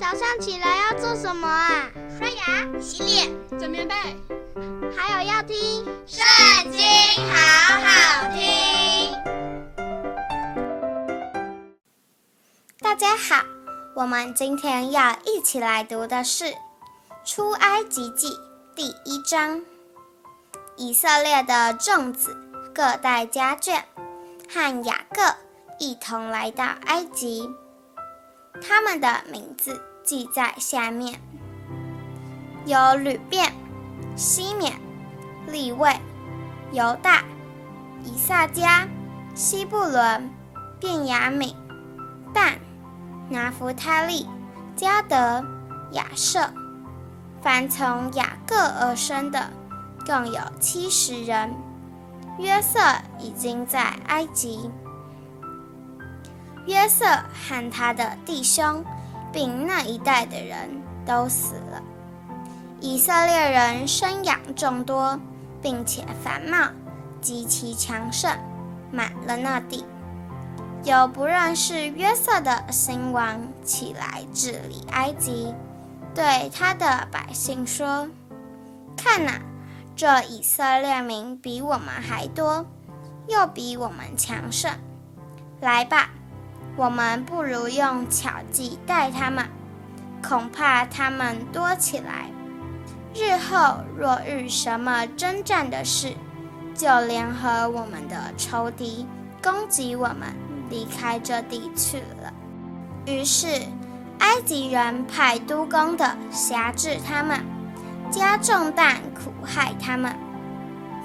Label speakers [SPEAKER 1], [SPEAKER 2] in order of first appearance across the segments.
[SPEAKER 1] 早上起來要做什麼啊？刷牙、洗臉、整棉被，還有要聽《聖經》，好好聽。大家好，我們今天要一起來讀的是《出埃及記》第一章。以色列的眾子各帶家眷，和雅各一同來到埃及。他們的名字。記在下面：有流便、西緬、利未、猶大、以薩迦、西布倫、便雅憫、但、拿弗他利、迦得、亞設。凡從雅各而生的，共有七十人。約瑟已經在埃及。約瑟和他的弟兄。並那一代的人都死了。以色列人生養眾多，並且繁茂，極其強盛，滿了那地。有不認識約瑟的新王起來，治理埃及，對他的百姓說：“看哪，這以色列民比我們還多，又比我們強盛。來吧。”我們不如用巧計待他們，恐怕他們多起來，日後若遇什麼爭戰的事，就聯合我們的仇敵攻擊我們，離開這地去了。於是，埃及人派督工的轄制他們，加重擔苦害他們。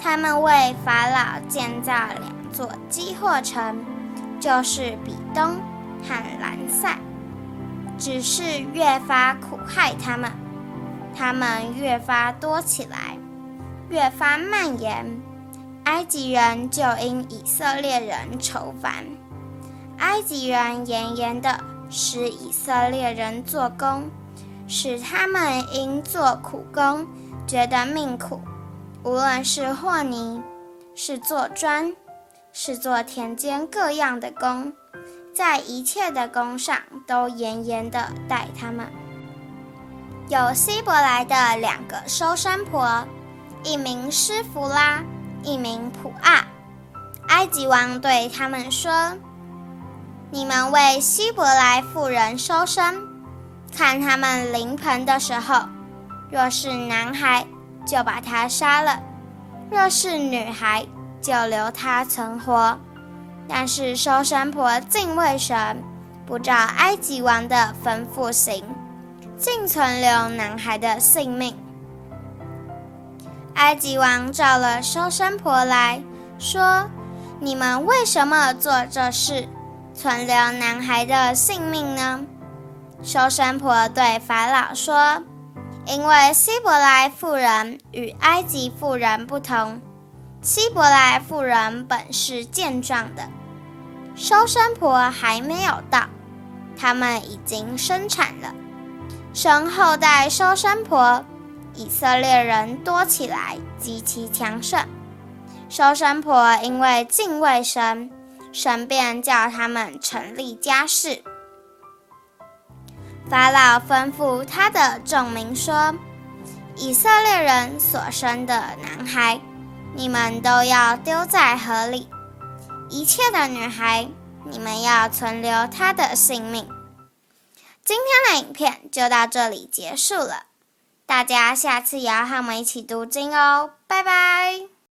[SPEAKER 1] 他們為法老建造兩座積貨城。就是比東和蘭塞，只是越發苦害他們，他們越發多起來，越發蔓延。埃及人就因以色列人愁煩，埃及人嚴嚴的使以色列人做工，使他們因做苦工覺得命苦。無論是和泥，是做磚。是做田間各樣的工，在一切的工上都嚴嚴的待他們。有希伯來的兩個收生婆，一名施弗拉，一名普阿。埃及王對他們說：“你們為希伯來婦人收生，看他們臨盆的時候，若是男孩，就把他殺了；若是女孩，”就留她存活，但是收生婆敬畏神，不照埃及王的吩咐行，竟存留男孩的性命。埃及王召了收生婆來說：“你們為什麼做這事，存留男孩的性命呢？”收生婆對法老說：“因為希伯來婦人與埃及婦人不同。”希伯來婦人本是健壯的，收生婆還沒有到，他們已經生產了，神厚待收生婆。以色列人多起來，極其強盛，收生婆因為敬畏神，神便叫他們成立家室。法老吩咐他的眾民說：“以色列人所生的男孩。”你們都要丟在河裡，一切的女孩，你們要存留她的性命。今天的影片就到這裡結束了，大家下次也要和我們一起讀經哦，拜拜。